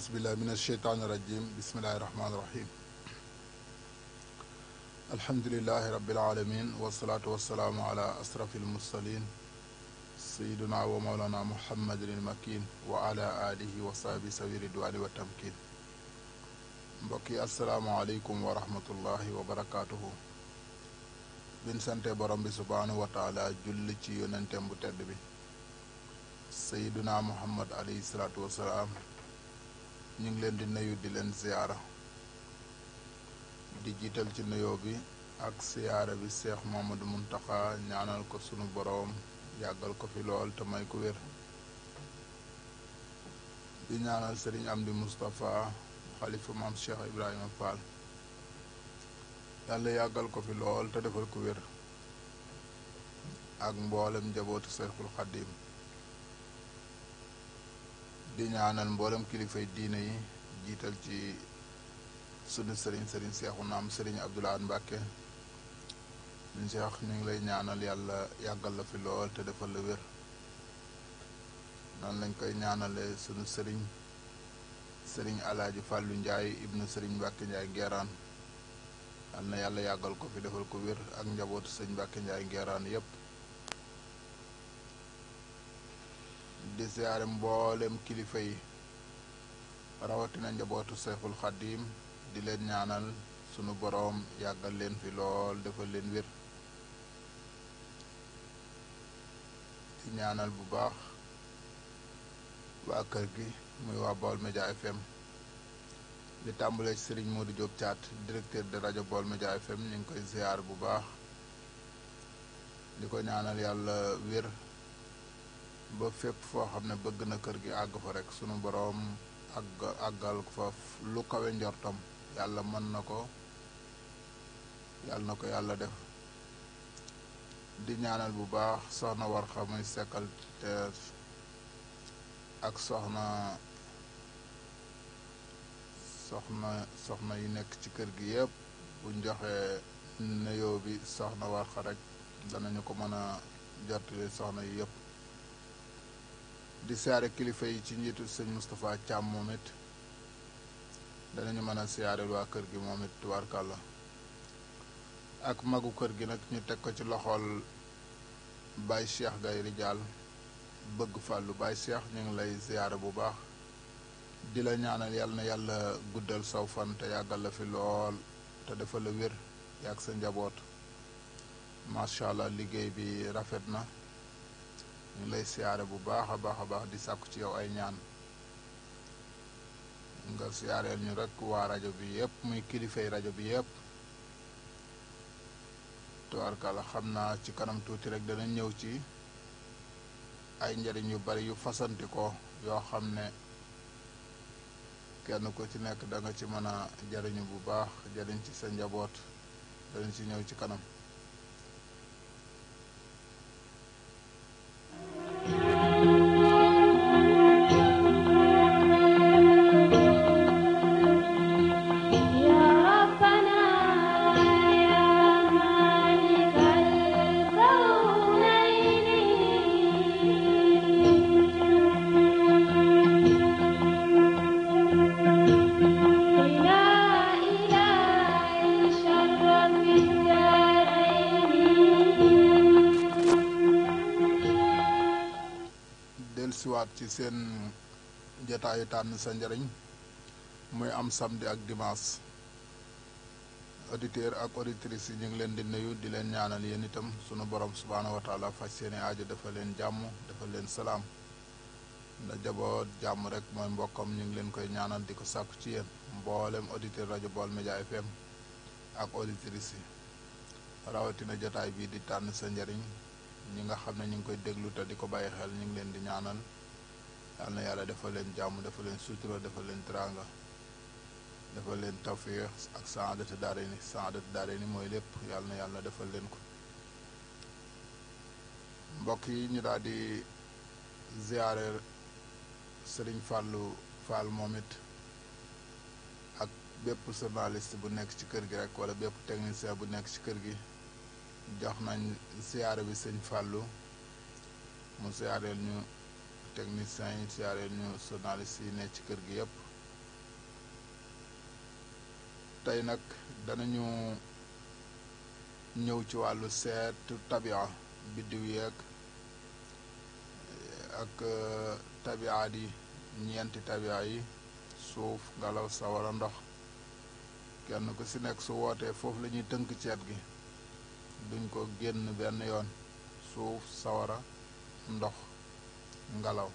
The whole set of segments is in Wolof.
aousubillah min alsheytaani irajim bismillahi irahmaani irahim alhamdulilahi rabilalamin wasalaatu wasalaamu ala asrafi almursalin sayiduna wa mawlana muhammadin almakin wa ala alihi wa sahbi sawi ridwaani wa tamkin mbokk yi asalaamualeykum wa rahmatullahi wa barakatuhu bin sante borom bi subhaanahu wa taala julli ci yonenteem bu tedd bi sayiduna muhammad alayhi salaatu wasalaam ñu ngi leen di nuyu di leen ziyaara di jiital ci nuyoo bi ak ziyaara bi Seex Mamadu Muntaxa ñaanal ko sunu boroom yàggal ko fi lool te may ko wér di ñaanal Sëriñ Amdi Moustapha xalifa maam Cheikh Ibrahima Fall yàlla yàggal ko fi lool te defal ko wér ak mboolem njabootu Seexul Xaddiim di ñaanal mboolem kilifay diine yi jiital ci sunu sëriñ sëriñ seexu naam sëriñ Abdoul mbàkke Mbacke ñu seex ñu ngi lay ñaanal yàlla yàggal la fi lool te defal la wér noonu lañ koy ñaanale sunu sëriñ sëriñ alaaji fàllu njaay ibnu sëriñ Mbacke njaay ngeeraan am na yàlla yàggal ko fi defal ko wér ak njaboot sëriñ Mbacke njaay ngeeraan yépp di ziare mboolem kilifa yi rawatina njabootu seexul xaddiim di leen ñaanal sunu boroom yàggal leen fi lool defal leen wér di ñaanal bu baax waa kër gi muy waa Baol Média FM di tàmbalee ci moo di Diop caat directeur de rajo Baol Média FM ñu ngi koy ziar bu baax di ko ñaanal yàlla wér ba fépp foo xam ne bëgg na kër gi àgg fa rek sunu boroom àgg àggal fa lu kawe njortam yàlla mën na ko yàlla na ko yàlla def di ñaanal bu baax soxna war xamuy sekkal te ak soxna soxna soxna yi nekk ci kër gi yépp buñ joxe nuyoo bi soxna war xa rek danañu ko mën a jottali soxna yi yépp di siyaare kilifa yi ci njiitu sëñ Moustapha Thiam moom it danañu mën a siyaare waa kër gi moom it tubaarkàlla ak magu kër gi nag ñu teg ko ci loxool Baye Cheikh Gaye Rijaal bëgg fàllu Baye Cheikh ñu ngi lay siyaare bu baax di la ñaanal yàlla na yàlla guddal saw fan te yàggal la fi lool te defal la wér yàgg sa njaboot macha allah liggéey bi rafet na ñu lay siyaare bu baax a baax a baax di sàkku ci yow ay ñaan nga siyaareel ñu rek waa rajo bi yëpp muy kilifay rajo bi yëpp tubaarkàlla xam naa ci kanam tuuti rek dana ñëw ci ay njariñ yu bari yu fasanti ko yoo xam ne kenn ko ci nekk danga ci mën a jëriñu bu baax jariñ ci sa njaboot danañ ci ñëw ci kanam dellusiwaat ci seen jataayu tànn sa njariñ muy am samdi ak dimanche auditeurs ak auditrices yi ñu ngi leen di nuyu di leen ñaanal yéen itam sunu borom subhaanahu wa taala faj seeni ajo dafa leen jàmm dafa leen salaam nda jaboot jàmm rek mooy mbokkam ñu ngi leen koy ñaanal di ko sàkku ci yéen mboolem auditeur rajo Baol Média FM ak auditrices yi rawatina jataay bii di tànn sa njariñ ñu nga xam ne ñu ngi koy déglu te di ko bàyyi xel ñu ngi leen di ñaanal yal na yàlla dafa leen jàmm dafa leen sutura dafa leen teraanga dafa leen tawfiix ak saadatu daare ni saadatu daare ni mooy lépp yàlla na yàlla dafa leen ko mbokk yi ñu daal di ziare Serigne Fallou Fall moom it ak bépp journaliste bu nekk ci kër gi rek wala bépp technicien bu nekk ci kër gi jox nañ siyaare bi sëñ Fallou mu siyaareel ñu techniciens yi siyaareel ñu journalistes yi ne ci kër gi yépp tey nag danañu ñëw ci wàllu seetu tabia biddiw yéeg ak eh, tabiaat di ñeenti tabia yi suuf ngelaw sawara ndox kenn ku si nekk su wootee foofu la ñuy tënk ceet gi duñ ko génn benn yoon suuf sawara ndox ngelaw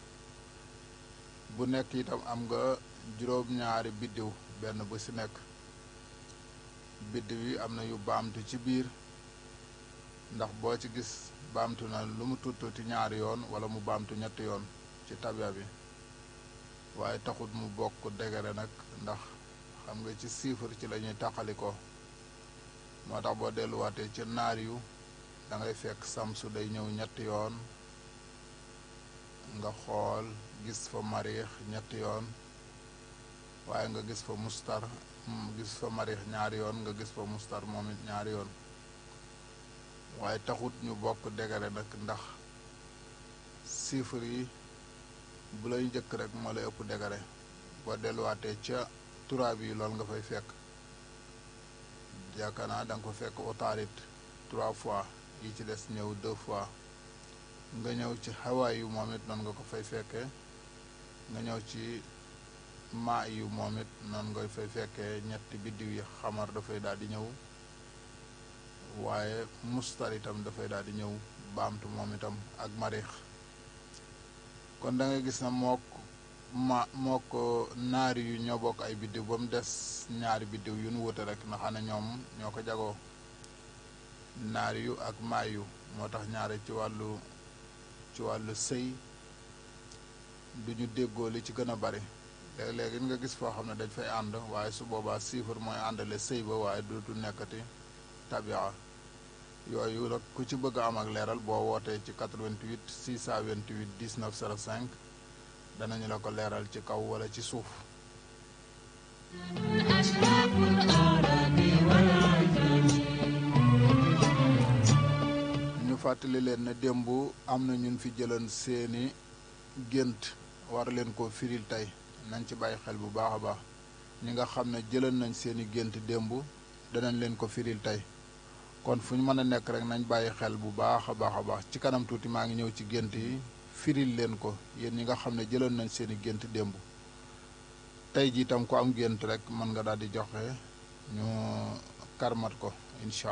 bu nekk itam am nga juróom-ñaari biddiw benn bu ci nekk biddiw yi am na yu baamtu ci biir ndax boo ci gis baamtu na lu mu tuttuti ñaari yoon wala mu baamtu ñetti yoon ci tabia bi waaye taxut mu bokk degere nag ndax xam nga ci chiffre ci la ñuy taqali ko moo tax boo delluwaatee ca naar yu da ngay fekk samsu day ñëw ñetti yoon nga xool gis fa mariix ñetti yoon waaye nga gis fa mustar mm, gis fa mariix ñaari yoon nga gis fa mustar moom it ñaari yoon waaye taxut ñu bokk degere nag ndax chiffre yi bu lay njëkk rek moo lay ëpp degere boo delluwaatee ca turaab yi loolu nga fay fekk yaakaar naa da ko fekk otaarit trois fois yi ci des ñëw deux fois nga ñëw ci xawaay yu moom it noonu nga ko fay fekke nga ñëw ci maa yu moom it noonu nga fay fekkee ñetti biddiw yi xamar dafay daal di ñëw waaye mustar itam dafay daal di ñëw baamtu moom itam ak marix kon da gis na mook ma moo ko naari yu ñoo bokk ay biddiw ba mu des ñaari biddiw yu nu wuute rek na ñoom ñoo ko jagoo naar yu ak maayu moo tax ñaare ci wàllu ci wàllu sëy du ñu déggoo li ci gën a bari léeg-léeg nga gis foo xam ne dañ fay ànd waaye su boobaa siifar mooy àndale sëy ba waaye dootu nekkati tabia yooyu rek ku ci bëgg am ak leeral boo wootee ci 88 628 19 05 danañu la ko leeral ci kaw wala ci suuf ñu fàttali leen na démb am na ñun fi jëloon seeni gént war leen ko firil tey nañ ci bàyyi xel bu baax a baax ñi nga xam ne jëloon nañ seeni gént démb danañ leen ko firil tey kon fu ñu mën a nekk rek nañ bàyyi xel bu baax a baax a baax ci kanam tuuti maa ngi ñëw ci gént yi firil leen ko yéen yi nga xam ne jëloon nañ seeni gént démb tey ji itam ku am gént rek mën nga daal di joxe ñu karmat ko incha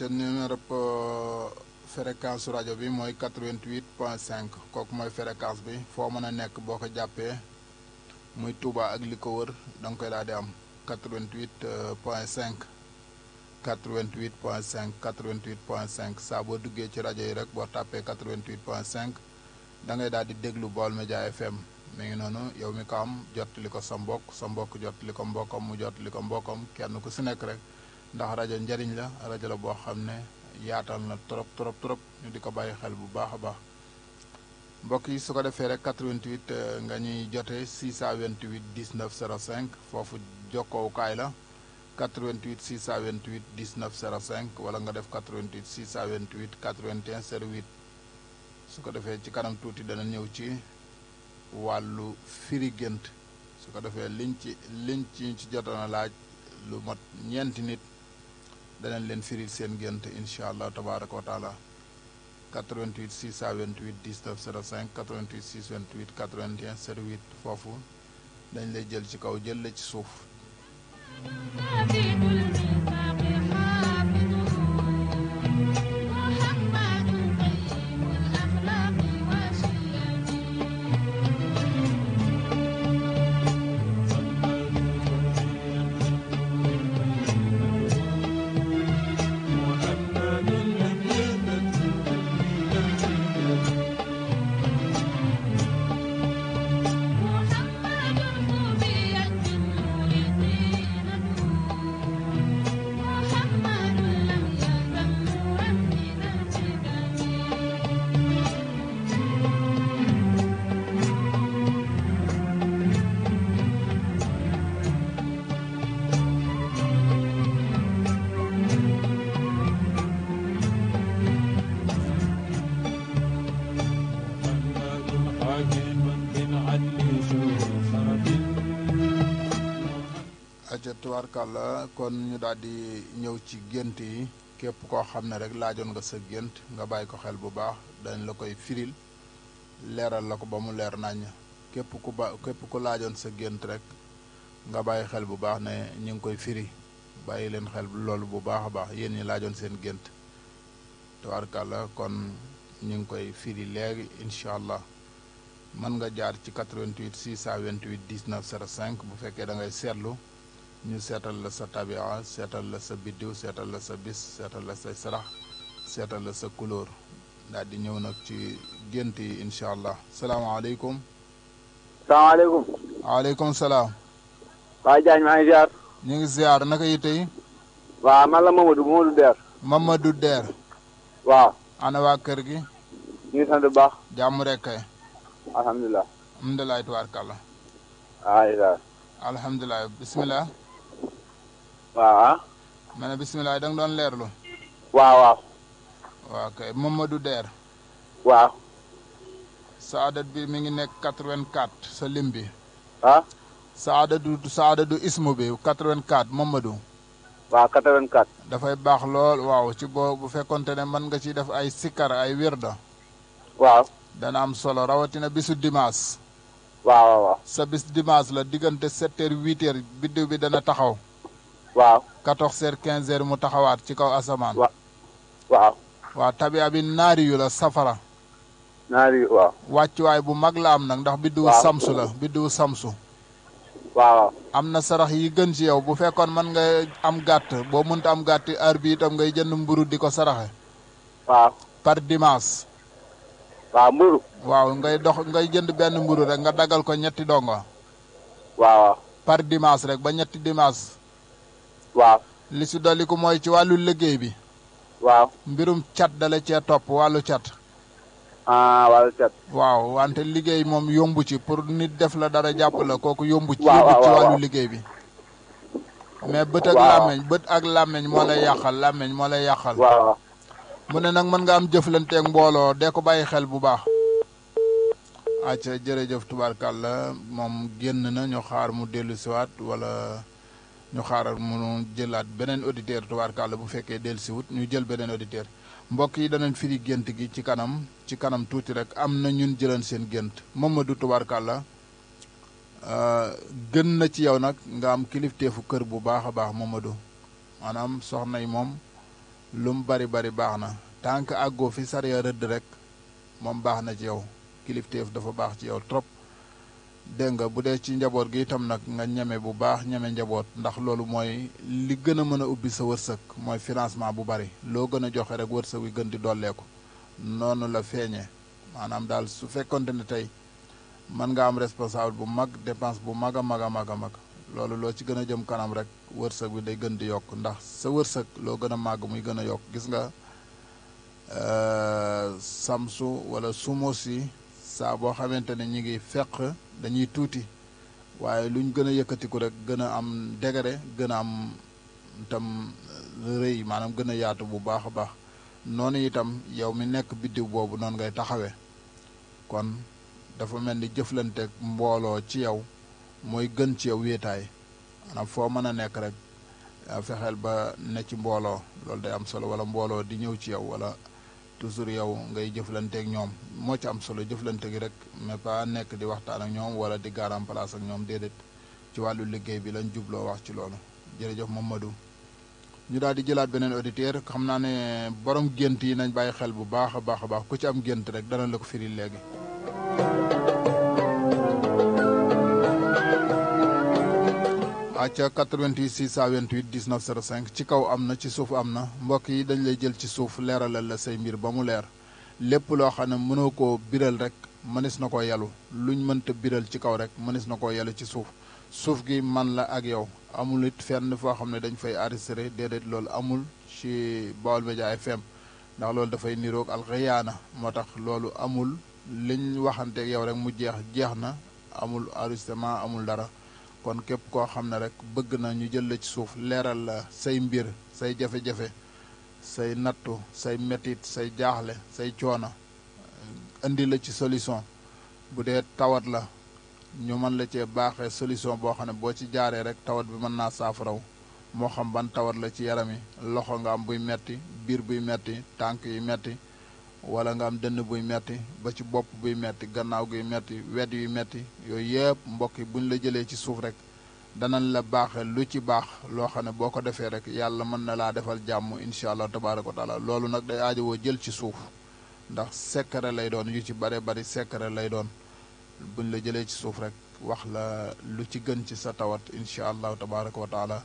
ca numéro euh, fréquence su rajo bi mooy 88 point 5 kooku mooy fréquence bi foo mën a nekk boo ko jàppee muy Touba ak li ko wër danga koy daal di am 88 euh, point 5 88 point 5 88 saa boo duggee ci rajo yi rek boo tàppee 88 point 5 da ngay daal di déglu Baol Média FM mi ngi noonu yow mi ko am jot ko sa mbokk sa mbokk jot li ko mbokkam mu jot li ko mbokkam kenn ko si nekk rek. ndax rajo njariñ la rajo la boo xam ne yaatal na trop trop trop ñu di ko bàyyi xel bu baax a baax mbokk yi su ko defee rek 88 euh, nga ñuy jotee 628 19 05 foofu jokkoowukaay la 88 628 19 05 wala nga def 88 628 81 08 su ko defee ci kanam tuuti dana ñëw ci wàllu firi gént su ko defee liñ ci liñ ci ci jotoon laaj lu mot ñeenti nit danañ leen firil seen gént incha allah tabaraka wa taala 88 628 19 05 88 628 81 08 foofu dañ lay jël ci kaw jël la ci suuf tubaarkàlla kon ñu daal di ñëw ci gént yi képp koo xam ne rek laajoon nga sa gént nga bàyyi ko xel bu baax dañ la koy firil leeral la ko ba mu leer nàññ képp ku ba képp ku laajoon sa gént rek nga bàyyi xel bu baax ne ñu ngi koy firi bàyyi leen xel loolu bu baax a baax yéen ñi laajoon seen gént tubaarkàlla kon ñu ngi koy firi léegi incha allah mën nga jaar ci 88 628 19 05 bu fekkee da ngay seetlu ñu seetal la sa tabia seetal la sa biddiw seetal sa bis seetal la say sarax seetal sa couleur daal di ñëw nag ci gént yi incha allah salaamaaleykum. salaamaaleykum. waaleykum salaam. waa Diagne maa ngi ziar. ñu ngi ziar naka yi tey. waaw man la Mamadou Mamadou Der. Mamadou Der. waaw. ana waa kër gi. ñu ngi sant bu baax. jàmm rek kay. alhamdulilah. alhamdulilah tubaarkàlla. waaw. bisimilah. waa ma ne bisimilah da nga doon leerlu. waaw waaw. waaw kay Mamadou Der. waa sa adat bi mi ngi nekk quatre quatre sa lim bi. ah. sa adadu sa adadu ismu bi quatre-vingt-quatre Mamadou. waaw quatre quatre dafay baax lool waaw ci boo bu fekkonte ne mën nga ci def ay sikkar ay wirda. waaw. dana am solo rawatina bisu dimanche. waaw waaw. sa bis dimanche la diggante sept heures huit heures biddiw bi dana taxaw. waaw quatorze heures quinze mu taxawaat ci kaw asamaan waaw waaw tabi abi naari yu la safara naari yu bu mag la am nag ndax biddiwu samsu la biddiwu samsu waaw am na sarax yi gën ci yow bu fekkoon man nga am gàtt boo munt am gàtt heure bi itam ngay jënd mburu di ko saraxe waaw par dimanche waaw ngay dox ngay jënd benn mburu rek nga dagal ko ñetti dongo waaw par dimanche rek ba ñetti dimanche waaw. li si dolliku mooy ci wàllu liggéey bi. waaw. mbirum cat dala cee topp ah, wàllu cat. waaw wante liggéey moom yombu ci pour nit def la dara jàpp la kooku yombu ci. waaw wàllu liggéey bi. mais bët ak làmmeñ bët ak làmmeñ moo lay yàqal làmmeñ moo lay yàqal. mu ne nag mën nga am jëflanteek mbooloo dee ko bàyyi xel bu baax. acca jërëjëf tubaarkàlla moom génn na ñu xaar mu dellu siwaat wala. ñu xaaral mu jëlaat beneen auditeur tubaarkàlla bu fekkee si wut ñu jël beneen auditeur mbokk yi danañ firi gént gi ci kanam ci kanam tuuti rek am na ñun jëlan seen gént Mamadou tubaarkàlla euh, gën na ci yow nag nga am kilifteefu kër bu baax a baax Mamadou maanaam soxna yi moom lu mu bari bari baax na tànk àggoo fi sariya rëdd rek moom baax na ci yow kilifteef dafa baax ci yow trop dégg nga bu dee ci njaboot gi itam nag nga ñeme bu baax ñeme njaboot ndax loolu mooy li gën a mën a ubbi sa wërsëg mooy financement bu bari loo gën a joxe rek wërsëg wi gën di dolleeku noonu la feeñee maanaam daal su fekkonte ne tey mën nga am responsable bu mag dépense bu mag a mag a mag a mag loolu loo ci gën a jëm kanam rek wërsëg wi day gën di yokk ndax sa wërsëg loo gën a màgg muy gën a yokk gis nga euh, samsu wala sumo si saa boo xamante ne ñu ngi feq dañuy tuuti waaye luñ gën a yëkkatiku rek gën a am degré gën a am tam rëy maanaam gën a yaatu bu baax a baax noonu itam yow mi nekk biddiw boobu noonu ngay taxawe kon dafa mel ni jëflante mbooloo ci yow mooy gën ci yow wéetaay maanaam foo mën a nekk rek ah, fexeel ba ne ci mbooloo loolu day am solo wala mbooloo di ñëw ci yow wala toujours yow ngay jëflanteeg ñoom moo ci am solo jëflante gi rek mais pas nekk di waxtaan ak ñoom wala di garan place ak ñoom déedéet ci wàllu liggéey bi lañ jubloo wax ci loolu jërëjëf Mamadou ñu daal di jëlaat beneen auditeur xam naa ne borom gént yi nañ bàyyi xel bu baax a baax a baax ku ci am gént rek dana la ko firil léegi acca 88 628 19 05 ci kaw am na ci suuf am na mbokk yi dañ lay jël ci suuf leeralal la say mbir ba mu leer lépp loo xam ne mënoo koo biral rek mënees na koo yalu luñ mënta biral ci kaw rek mënees na koo yalu ci suuf suuf gi man la ak yow amul it fenn foo xam ne dañ fay enregistré déedéet loolu amul ci Baol Média FM ndax loolu dafay niroog alxiyaana moo tax loolu amul liñ waxanteeg yow rek mu jeex jeex na amul enregistrement amul dara kon képp koo xam ne rek bëgg na ñu jël la ci suuf leeral la say mbir say jafe-jafe say nattu say metit say jaaxle say coono indi la ci solution bu dee tawat la ñu mën la cee baaxee solution boo xam ne boo ci jaaree rek tawat bi mën naa saafaraw moo xam ban tawat la ci yaram yi loxo nga am buy metti biir buy metti tànk yi metti wala nga am dënn buy metti ba ci bopp buy metti gannaaw guy metti wet yuy metti yooyu yëpp mbokk yi buñ la jëlee ci suuf rek danañ la baaxe lu ci baax loo xam ne boo ko defee rek yàlla mën na laa defal jàmm incha allah tabaaraka wa taala loolu nag day aajowoo jël ci suuf ndax sekkare lay doon yu ci bare bari sekkare lay doon buñ la jëlee ci suuf rek wax la lu ci gën ci sa tawat incha allah tabaaraka wa taala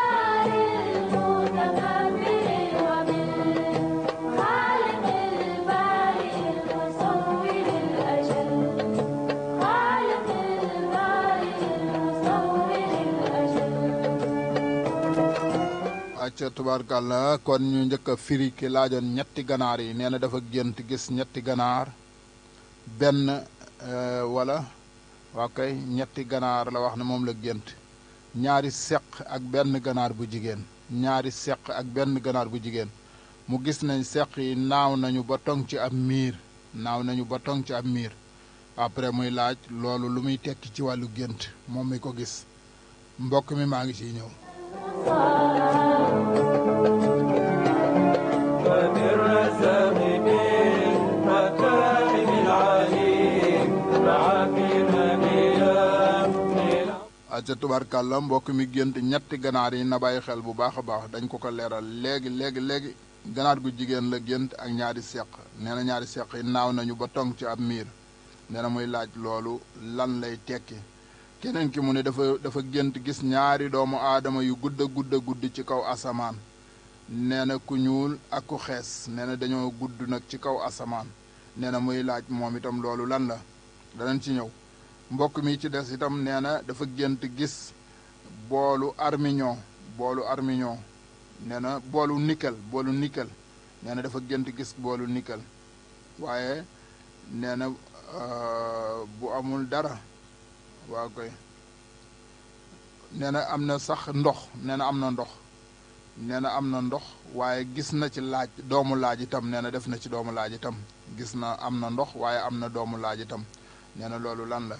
tubaar laaj la kon ñu njëkk a firi ki laajoon ñetti ganaar yi nee na dafa gént gis ñetti ganaar benn euh, wala waa kay ñetti ganaar la wax ne moom la gént ñaari seq ak benn ganaar bu jigéen ñaari seq ak benn ganaar bu jigéen mu gis nañ seq yi naaw nañu ba toŋ ci ab miir naaw nañu ba toŋ ci ab miir après muy laaj loolu lu muy tekki ci wàllu gént moom mi ko gis mbokk mi maa ngi ciy ñëw ca tubaarkàlla mbokk mi gént ñetti ganaar yi na bàyyi xel bu baax a baax dañ ko ko leeral léegi léegi léegi ganaar gu jigéen la gént ak ñaari seq nee ñaari seq yi naaw nañu ba tong ci ab miir nee na muy laaj loolu lan lay tekki keneen ki mu ne dafa dafa gént gis ñaari doomu aadama yu gudd a gudd a gudd ci kaw asamaan nee na ku ñuul ak ku xees nee na dañoo gudd nag ci kaw asamaan nee na muy laaj moom itam loolu lan la danañ ci ñëw mbokk mi ci des itam nee na dafa gént gis boolu armignon boolu armignon nee na boolu nickel boolu nickel nee gis boolu nickel waaye nee na euh, bu amul dara waa koy nee na am na sax ndox nee na am na ndox nee na am na ndox waaye gis na ci laaj doomu laaj itam nee na def na ci doomu laaj itam gis na am na ndox waaye am na doomu laaj itam nee na loolu lan la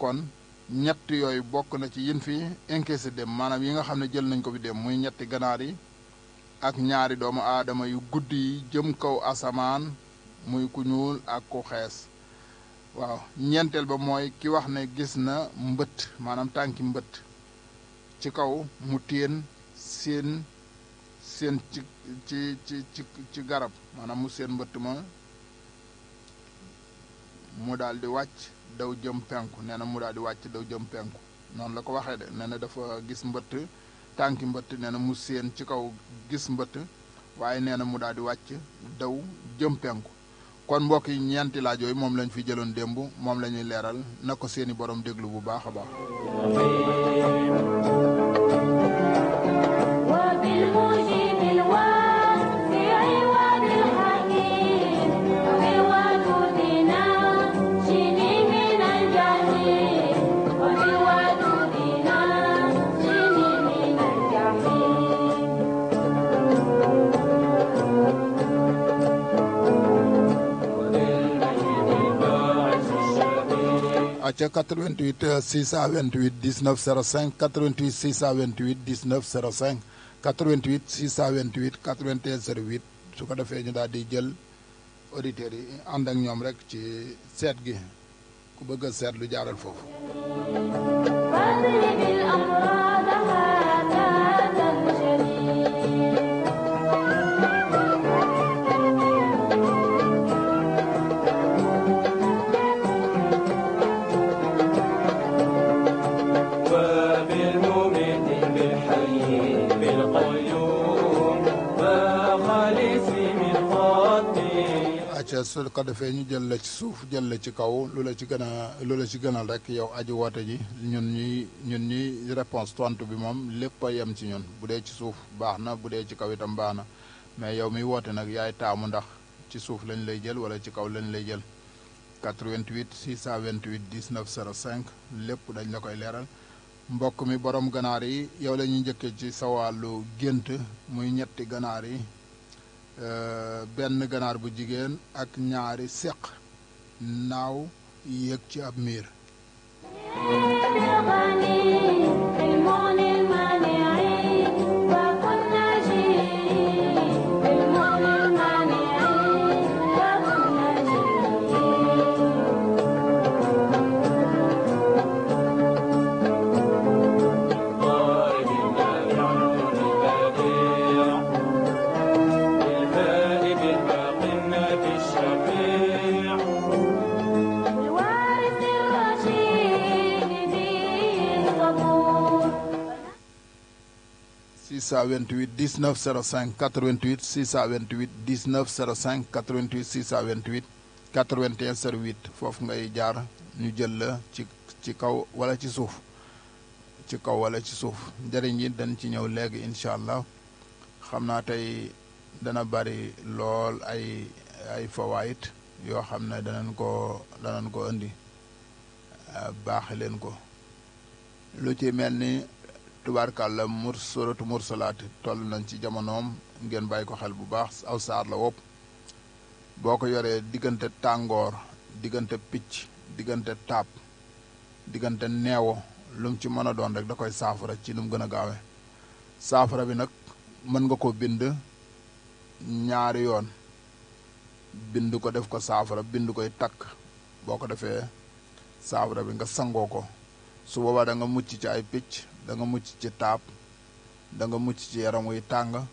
kon ñett yooyu bokk na ci yin fi encaissé dem maanaam yi nga xam ne jël nañ ko bi dem muy ñetti ganaar yi ak ñaari doomu aadama yu guddi yi jëm kaw asamaan muy ku ñuul ak ku xees waaw ñeenteel ba mooy ki wax ne gis na mbëtt maanaam tànki mbëtt ci kaw mu téen seen seen ci ci ci ci garab maanaam mu seen mbëtt ma mu daldi wàcc daw jëm penku na mu daal di wàcc daw jëm noonu la ko waxee de nee dafa gis mbëtt tànki mbëtt nee na mu seen ci kaw gis mbëtt waaye nee na mu daal di wàcc daw jëm penku kon mbokk yi ñeenti laaj yooyu moom lañ fi jëloon démb moom la ñuy leeral na ko seeni borom déglu bu baax a baax aca 88 628 19 05 88 628 19 05 88 628 81 08 su ko defee ñu daal di jël auditeurs yi ànd ak ñoom rek ci seet gi ku bëgg a seet lu jaaral foofu te su ko defee ñu jël la ci suuf jël la ci kaw lu la ci gën a lu la ci gënal rek yow aji woote ji ñun ñuy ñun ñuy réponse tontu bi moom lépp a yem ci ñun bu dee ci suuf baax na bu dee ci kaw itam baax na mais yow mi woote nag yaay taamu ndax ci suuf lañ lay jël wala ci kaw lañ lay jël 88 628 19 05 lépp dañ la koy leeral mbokk mi borom ganaar yi yow la ñuy njëkkee ci sa wàllu gént muy ñetti ganaar yi Euh, benn ganaar bu jigéen ak ñaari seq naaw yéeg ci ab miir 628 19 05 88 628 19 05 88 628 81 08 foofu ngay jaar ñu jël la ci ci kaw wala ci suuf ci kaw wala ci suuf njëriñ yi dañ ci ñëw léegi incha allah xam naa tey dana bari lool ay ay fawaayit yoo xam ne danañ ko danañ ko indi baaxe leen ko lu ci mel ni tubaarkàlla mur suratu mursalaat toll nañ ci jamonoom ngeen bàyyi ko xel bu baax aw saar la wopp boo ko yoree diggante tàngoor diggante picc diggante taab diggante neewo lum ci mën a doon rek da koy saafara ci nu mu gën a gaawe saafara bi nag mën nga ko bind ñaari yoon bind ko def ko saafara bind koy takk boo ko defee saafara bi nga sangoo ko su boobaa da nga mucc ci ay picc da nga mucc ci taab danga mucc ci yaram wuy tàng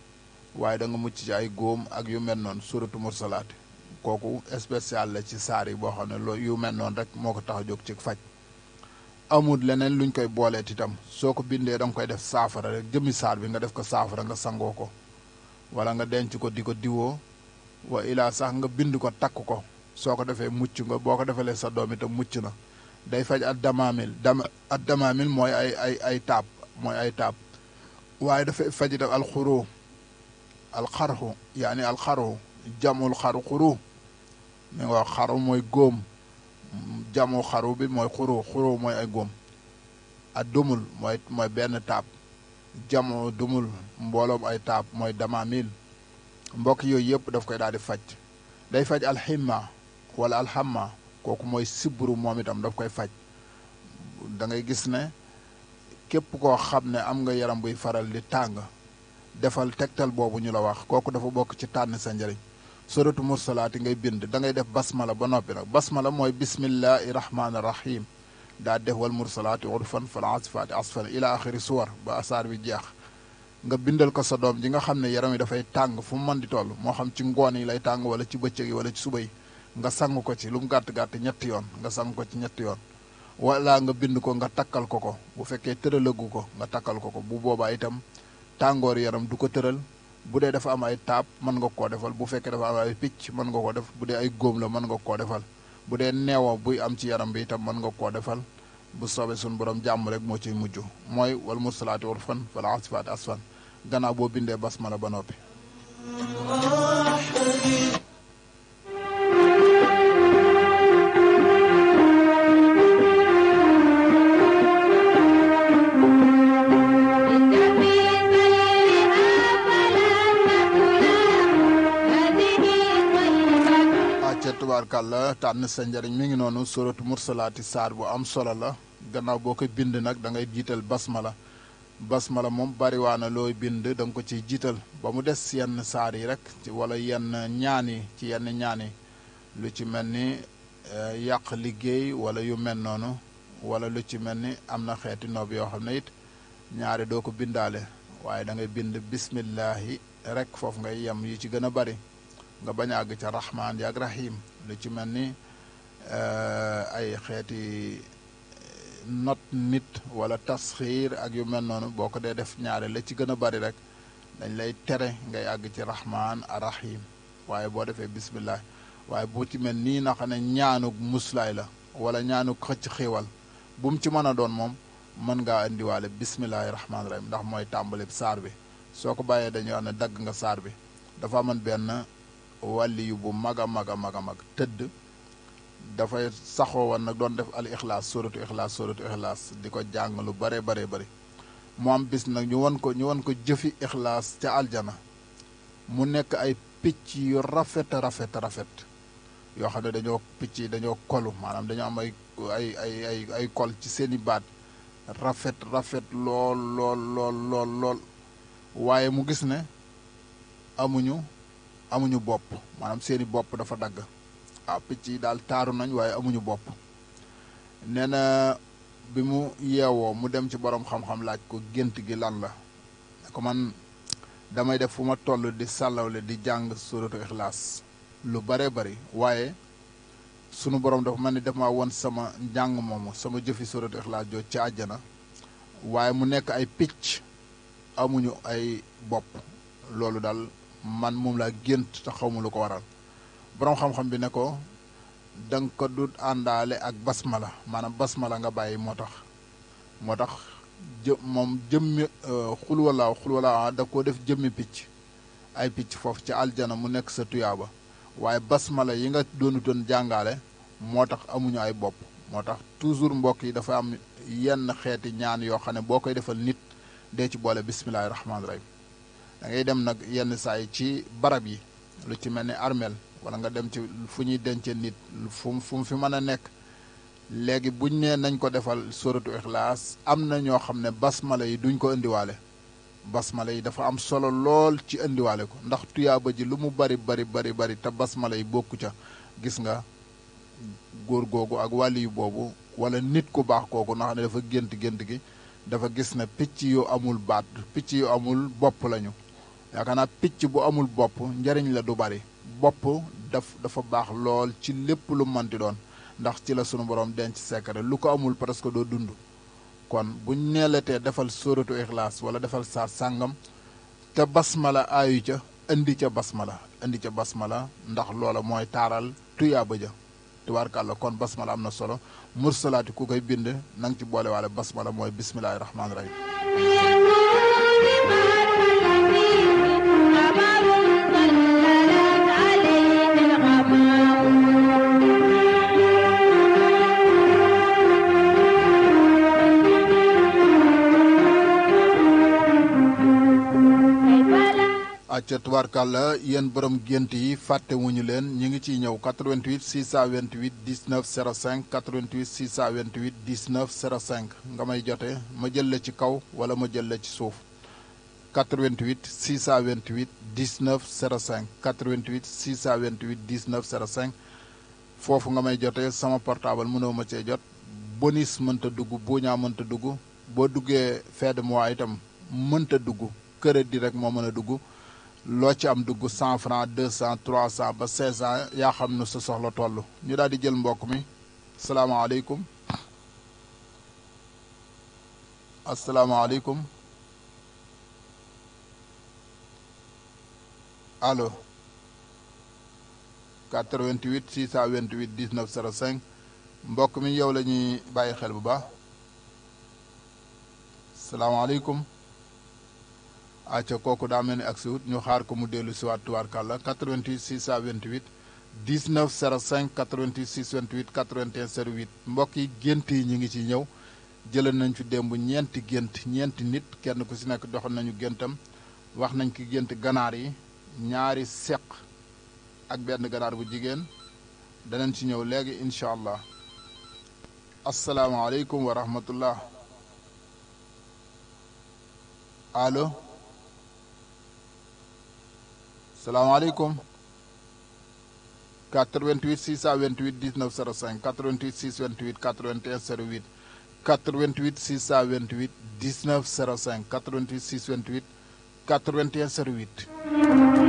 waaye danga mucc ci ay góom ak yu mel noon suratu mursalaat kooku especial la ci saar yi boo xam ne loo yu mel noonu rek moo ko tax a jóg ci faj amul leneen luñ koy booleet itam soo ko bindee da nga koy def saafara rek jëmmi saar bi nga def ko saafara nga sangoo ko wala nga denc ko di ko diwoo wa ilaa sax nga bind ko takk ko soo ko defee mucc nga boo ko defalee sa doom itam mucc na day faj ak damaamil damaamil mooy ay ay ay taab mooy ay taab waaye dafay faj itam alxuru alxarxu yaani alxaru jamul xaru xuru mi nga wax xaru mooy góom jamu xaru bi mooy xuru xuru mooy ay góom ak dumul mooy benn taab jamu dumul mbooloom ay taab mooy damaamil mbokk yooyu yëpp daf koy daal di faj day faj alximma wala alxamma kooku mooy sibru moom itam daf koy faj da ngay gis ne képp koo xam ne am nga yaram buy faral di tàng defal tegtal boobu ñu la wax kooku dafa bokk ci tànn sa njëriñ suratu mursalaati ngay bind da ngay def la ba noppi nag la mooy bismillahi rahmaani rahim daa def wal mursalaati urfan fal asifaati asfan ila axiri suwar ba asaar bi jeex nga bindal ko sa doom ji nga xam ne yaram yi dafay tàng fu mu mën di toll moo xam ci ngoon yi lay tàng ci bëccëg wala ci suba yi nga sang ko ci lu mu gàtt gàtt ñetti yoon nga sang ko ci ñetti yoon wala nga bind ko nga takkal ko ko bu fekkee tëralagu ko nga takkal ko ko bu boobaa itam tàngoor yaram du ko tëral bu dee dafa am ay taab mën nga koo defal bu fekkee dafa am ay picc mën nga koo def bu dee ay góom la mën nga koo defal bu dee neewa buy am ci yaram bi itam mën nga koo defal bu soobee sunu borom jàmm rek moo ciy mujj mooy wal mursalaati urfan fal aasifaati asfan gannaaw boo bindee basmala ba noppi tubaarkal tànn sa njariñ mi ngi noonu suratu mursalaati saar bu am solo la gannaaw boo ko bind nag da ngay jiital basmala la moom bariwaana looy bind danga ko ciy jiital ba mu des yenn saar yi rek ci wala yenn ñaan yi ci yenn ñaan yi lu ci mel ni eh, yàq liggéey wala yu mel noonu wala lu ci mel ni am na xeeti noob yoo xam ne it ñaari doo ko bindaale waaye da ngay bind bismillahi rek foofu ngay yem yu ci gën a bari nga bañ a àgg ca rahmaan yaak rahim lu ci mel ni eh, ay xeeti eh, not nit wala tasxiir ak yu mel noonu boo ko dee def ñaare la ci gën a bari rek dañ lay tere ngay àgg ci rahmaan arahim waaye boo defee bismillah waaye bu ci mel nii na xam ne ñaanug muslaay la wala ñaanug xëcc xiiwal bu mu ci mën a doon moom mën ngaa indiwaale bismillahi rahmaani rahim ndax mooy tàmbali saar bi soo ko bàyyee dañuy wax ne dagg nga saar bi dafa amoon benn wàlli yu bu mag a mag a mag a mag tëdd dafay saxoo wan nag doon def al ixlaas suratu ixlaas suratu ixlaas di ko jàng lu bare bare bëri mu am bis nag ñu won ko ñu won ko jëfi ixlaas ca aljana mu nekk ay picc yu rafet rafet rafet yoo xam ne dañoo picc yi dañoo kolu maanaam dañoo am ay ay ay kol ci seeni baat rafet rafet lool lool lool lool lool waaye mu gis ne amuñu amuñu bopp maanaam seeni bopp dafa dagg waaw ah, picc yi daal taaru nañ waaye amuñu bopp nee na bi mu yeewoo mu dem ci boroom xam-xam laaj ko gént gi lan la ne ko man damay def fu ma toll di sàllawle di jàng suratu ixlaas lu bare bari waaye sunu borom dafa mel ni def ma won sama njàng moomu sama jëfi suratu ixlaas joo ci àjjana waaye mu nekk ay picc amuñu ay bopp loolu daal man moom laa gént te xaw ma lu ko waral borom xam-xam bi ne ko da ko du àndaale ak basmala maanaam basmala nga bàyyi moo tax moo tax jë moom jëmmi euh, xul walaaw xul walaaw ah, da koo def jëmmi picc ay picc foofu ci aljana mu nekk sa tuyaaba waaye basmala yi nga doonutoon jàngaale moo tax amuñu ay bopp moo tax toujours mbokk yi dafa am yenn xeeti ñaan yoo xam ne boo koy defal nit dee ci boole bisimilahi rahmaani rahim da ngay dem nag yenn saay ci barab yi lu ci mel ni armeel wala nga dem ci fu ñuy dence nit fu mu fu mu fi mën a nekk léegi buñ nee nañ ko defal suratu ixlaas am na ñoo xam ne basmala yi duñ ko indiwaale basmala yi dafa am solo lool ci indiwaale ko ndax tuyaaba ji lu mu bari bari bari bari te basmala yi bokk ca gis nga góor googu ak wàll yu boobu wala nit ku baax kooku ndax xam ne dafa gént gént gi dafa gis ne picc yu amul baat picc yu amul bopp lañu yaakaar naa picc bu amul bopp njariñ la du bari bopp daf dafa baax lool ci lépp lu manti doon ndax ci la sunu borom denc secret lu ko amul presque doo dund kon buñ neelatee defal sóoratu ixlaas wala defal saar sàngam te basmala aayu ca indi ca la indi ca basmala ndax loola mooy taaral tuyaaba ja tubaarkàlla kon basmala am na solo mursalaati ku koy bind na nga ci boolewaale basmala mooy bismillaahi rahmaani rahim ca tubaarkàlla yéen borom gént yi fàttewuñu leen ñu ngi ciy ñëw 88 628 19 05 88 628 19 05 nga may jote ma jël la ci kaw wala ma jël la ci suuf 88 628 19 05 88 628 19 05 foofu nga may jote sama portable mënoo ma cee jot bonus mënta dugg buuñaa mënta dugg boo duggee fin de mois itam mënta dugg crédit rek moo mën a dugg loo ci am dugg cent franc deux cent trois cent ba seize cent yaa xam na sa soxla toll ñu daal di jël mbokk mi salaamaaleykum asalaamaaleykum allo 88 628 19 05 mbokk mi yow la ñuy bàyyi xel bu baax salaamaaleykum acca kooku daa mel ni ak siwut ñu xaar ko mu dellu siwaat tubaarkàlla 88 628 19 05 88 628 81 08 mbokk yi gént yi ñu ngi ci ñëw jëlee nañ fi démb ñeenti gént ñeenti nit kenn ku si nekk doxal nañu géntam wax nañ ki gént ganaar yi ñaari seq ak benn ganaar bu jigéen danañ ci ñëw léegi incha allah asalaamaaleykum wa rahmatullah allo salaamaaleykum 88 628 19 05 88 628 81 08 88 628 19 05 88 628 81 08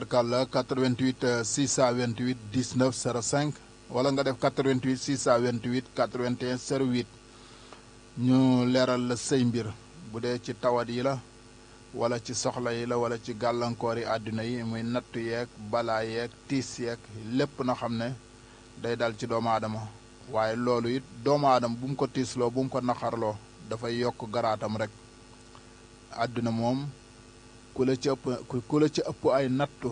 tubaarkàlla 88 628 19 05 wala nga def 88 628 81 08 ñu leeral la sey mbir bu dee ci tawat yi la wala ci soxla yi la wala ci gàllankoor yi àdduna yi muy nattu yeeg balaa yeeg tiis yeeg lépp na xam ne day dal ci doomu aadama waaye loolu it doomu aadama bu mu ko tiisloo bu mu ko naxarloo dafay yokk garaatam rek àdduna moom ku la ci ëpp ku la ci ëpp ay nattu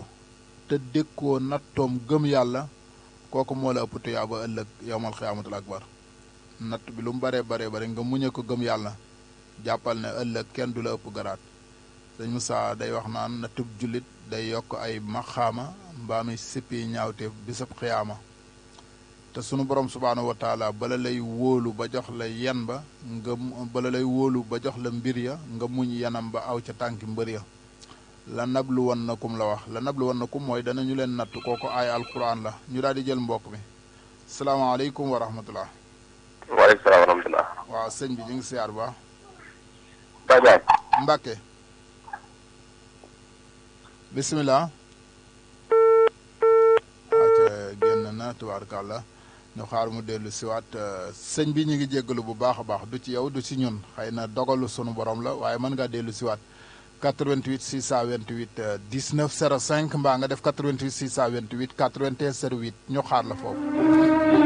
te dékkoo nattoom gëm yàlla kooku moo la ëpp tuyaaba ëllëg yowmal xiyaamatul akbar natt bi lu mu baree baree bare nga muñe ko gëm yàlla jàppal ne ëllëg kenn du la ëpp garaat sëñ Moussa day wax naan nattub jullit day yokk ay maxaama mbaa mi sippi ñaawteef bisab xiyaama te sunu borom subhaanahu wa bala lay wóolu ba jox la yen ba nga bala lay wóolu ba jox la mbir ya nga muñ yanam ba aw ca tànki mbër ya la nablu wan nakum la wax la nablu wan nakum mooy danañu leen natt kooku aay alquran la ñu daal di jël mbokk mi salaamaaleykum wa rahmatullah waaleykum salaam wa waaw sëñ bi ñu ngi siyaar ba Badiane Mbacke bisimilah waaca génn na tubaarkàlla ñu xaar mu dellu siwaat sëñ bi ñu ngi jéggalu bu baax a baax du ci yow du ci ñun xëy na dogalu sunu borom la waaye mën ngaa dellu siwaat 88 628 19 05 mbaa nga def 88 628 81 08 ñu xaar la foofu.